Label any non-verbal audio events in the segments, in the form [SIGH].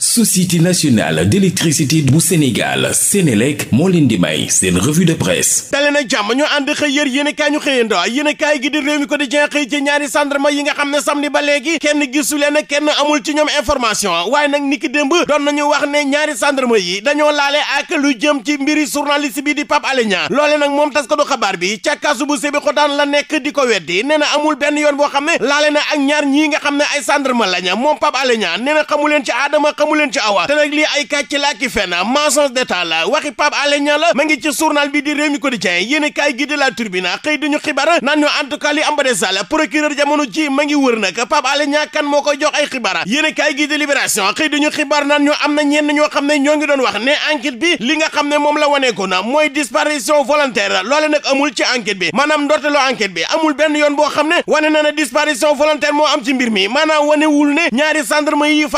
société nationale d'électricité bu Sénégal Sénélec moo leen di may seen revue de presse dale nag jàmm ñu ànd xëy yër yéenekaay ñu xëyando yéenekaay gi di réew ko di jen xëy ci ñaari gendarme yi nga xam ne samedi ba léegi kenn gisu leen kenn amul ci ñoom information waaye nag niki démb doon nañu wax ne ñaari gendarme yi dañoo laale ak lu jëm ci mbiri journaliste bi di Pape Alé Niang loole nag moom taskatu xabaar bi ca kasu bu Sébikotane la nekk di ko weddi nee na amul benn yoon boo xam ne laale na ak ñaar ñii nga xam ne ay gendarme laña moom Pape amu leen ci awa te nag lii ay kàcc la ki fenn mensonge d'état la waxi Pape Alé Niang la ma ngi ci journal bi di Rewmi Quotidien yéen kaay gi de la Tribune xëy dañu xibaar naan ñu en tout cas li ambade sall procureur jamono ji ma ngi wër nag Pape Alé Niang kan moo koy jox ay xibaar yéen kaay gi de Libération xëy dañu xibaar naan ñu am na ñenn ñoo xam ne ñoo ngi doon wax ne enquête bi li nga xam ne moom la waneeku na mooy disparition volontaire loole nag amul ci enquête bi maanaam ndorteloo enquête bi amul benn yoon boo xam ne wane na ne disparition volontaire moo am ci mbir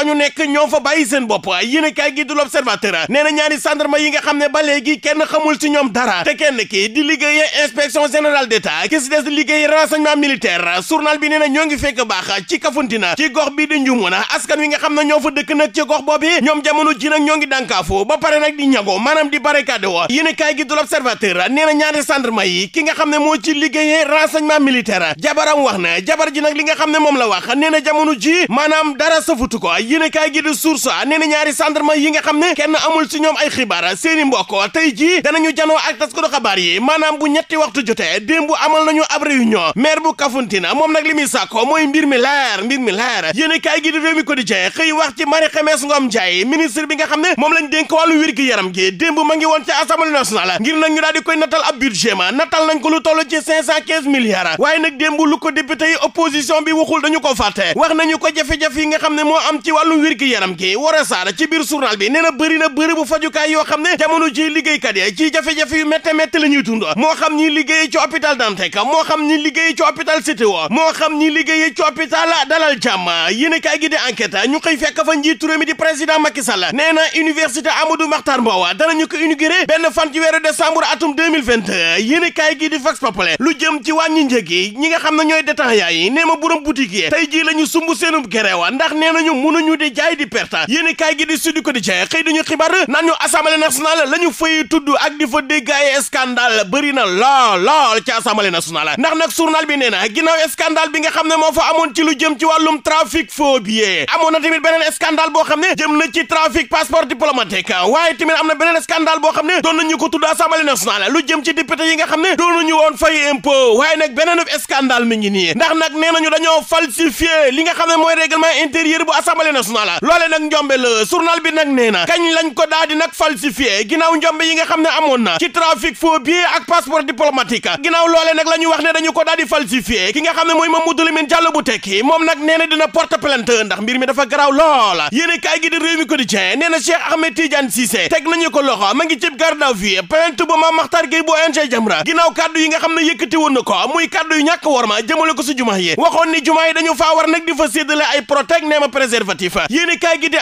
ñu nekk ñoo rey seen bopp yéene kaay gi du l'observateur nee na ñaari gendarme yi nga xam ne ba léegi kenn xamul ci ñoom dara te kenn ki di liggéeyee inspection générale d'état ki si des di a renseignement militaire journal bi nee na ñoo ci Kafountine ci gox bi di Njumuna askan wi nga xam ne ñoo dëkk nag ci gox boobu ñoom jamono ji nag ñoo ngi dànkaafu ba nag di ñago maanaam di barricade wo yéene yi ne moo ci liggéeyee renseignement militaire jabaram wax Source nee na ñaari gendarme yi nga xam ne kenn amul ci ñoom ay xibaar seeni mbokk tey jii danañu janoo ak taskatu xabaar yi maanaam bu ñetti waxtu jotee démb amal nañu ab réunion maire bu Kafountine moom nag li muy sàkko mooy mbir mi leer mbir mi leer yéen kaay gi di Rewmi Quotidien xëy wax ci Marie Khemesse Ngom Ndiaye ministre bi nga xam ne moom lañ dénk wàllu wér gi yaram gi démb ma ngi woon a Assemblée nationale ngir nag ñu daal di koy natal ab budget natal nañ ko lu toll ci cent quinze milliards waaye nag démb ko député yi bi waxul dañu ko fàtte wax nañu ko jafe yi nga xam ne moo am ci wàllu yaram gi Wara Sarr ci biir journal bi nee na bëri na bëri bu fajukaay yoo xam ne jamono ji liggéeykat yi ci jafe-jafe yu métte métte la ñuy dund moo xam ñi liggéey ci hôpital Dantec moo xam ñi liggéey ci hôpital Sétéwo moo xam ñi liggéey ci hôpital Dalal Jàmm yéenekaay gi di enquête ñu xëy fekk fa njiitu réew mi di président Macky Sall nee na université Amadou Mahtar Mbow danañu ko inauguré benn fan ci de décembre atum 2022 yéenekaay gi di Vox Populi lu jëm ci wàññi njëg yi ñi nga xam ne ñooy détaillants yi nee ma borom boutique yi tey jii la ñu sumb seenub gerewa ndax nee nañu mënuñu di jaay di perte [LAUGHS] yéen kaay gi di Sud Quotidien xëy dañu xibaar naan ñu assemblée nationale la ñu tudd ak di fa dégg ay scandale bëri na lool lool ci assemblée nationale ndax nag journal bi nee na ginnaaw bi nga xam ne moo fa amoon ci lu jëm ci wàllum trafic faux billets amoon na tamit beneen scandale boo xam ne jëm na ci trafic passeport diplomatique waaye tamit am na beneen scandale boo xam ne doon nañu ko tudd assemblée nationale lu jëm ci député yi nga xam ne doon nañu woon fay njombe la journal bi nag nee na kañ lañ ko daal nag falsifié ginnaaw njombe yi nga xam ne amoon na ci trafic faux billet ak passeport diplomatique ginnaaw loolee nag la wax ne dañu ko daal di falsifié ki nga xam ne mooy Mamadou Lamine Diallo bu tekki moom nag nee dina porte plainte ndax mbir mi dafa garaaw loola yéen kaay gi di réew mi quotidien nee na Cheikh Ahmed Tidiane Cissé teg nañu ko loxo ma ngi cib garde à vue plainte xam ne yëkkati woon na ko ma jëmale ko si jumaa yi waxoon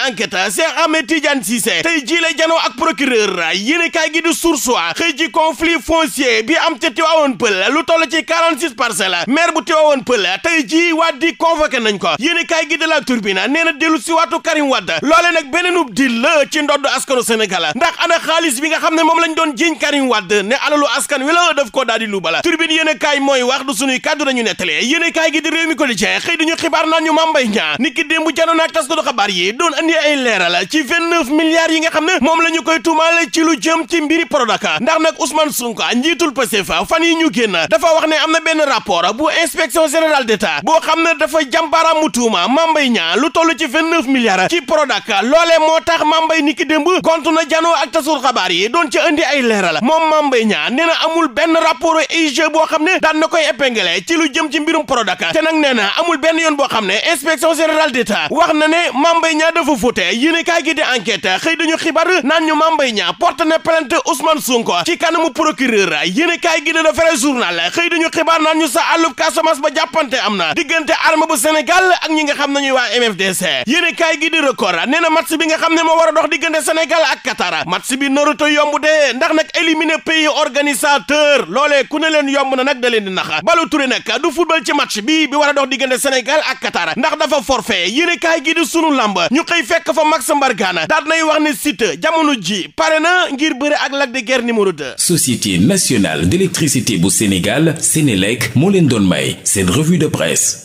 enquête Cheikh Ahmed Tidiane Cissé tey jii la janoo ak procureur yéenekaay gi di Source A xëy ji conflit foncier bi am ca Tivaouane Peulh lu toll ci 46 parcelles maire bu Tivaouane Peulh tey jii waa di convoqué nañ ko yéenekaay gi de La Tribune nee na si waatu Karim Wade loole nag beneenub dil la ci ndodd askanu Sénégal ndax ana xaalis bi nga xam ne moom lañ doon jiñ Karim Wade ne alalu askan wi la ko daal di lu bala Tribune yéenekaay mooy wax indi ay leeral ci vingt-neuf milliards yi nga xam ne moom la ñu koy tuumaal ci lu jëm ci mbiri Prodac ndax nag Ousmane Sonko njiitul Pastef fan yi ñu génn dafa wax ne am na benn rapport bu inspection générale d'État boo xam ne dafa jàmbaaraam mu tuuma Mame Mbaye Niang lu toll ci vingt-neuf milliards ci Prodac loolee moo tax Mame Mbaye ni ki démb gontu na janoo ak tasul xabaar yi doon ci indi ay leeral moom Mame Mbaye Niang nee na amul benn rapport IG boo xam ne daan na koy épinglé ci lu jëm ci mbirum Prodac te nee na amul benn yoon boo xam ne inspection générale d'État wax na ne Mame fute yéene kaay gi di enquête xëy dañu xibaar naan ñu Mame Mbaye porte na plainte Ousmane Sonko ci kanamu procureur yéene kaay gi di Le Vrai Journal xëy dañu xibaar naan ñu sa àllub Casamance ba jàppante am na diggante armée bu Sénégal ak ñi nga xam ne ñuy waa MFDC yéene kaay gi di record nee na match bi nga xam ne moo war a dox diggante Sénégal ak Qatar match bi naruto yomb de ndax nag éliminer pays organisateur loolee ku ne leen yomb na nag da leen di nax Ballo Touré a dox diggante Sénégal ak Qatar ndax dafa forfait yéene kaay gi di sunu fekk fa Max Mbargane daat nay wax ne Siteu jamono ji pare na ngir bëre ak Lac de Guiers numéro 2. Société nationale d'électricité bu Sénégal Sénélec moo leen doon may seen revue de presse.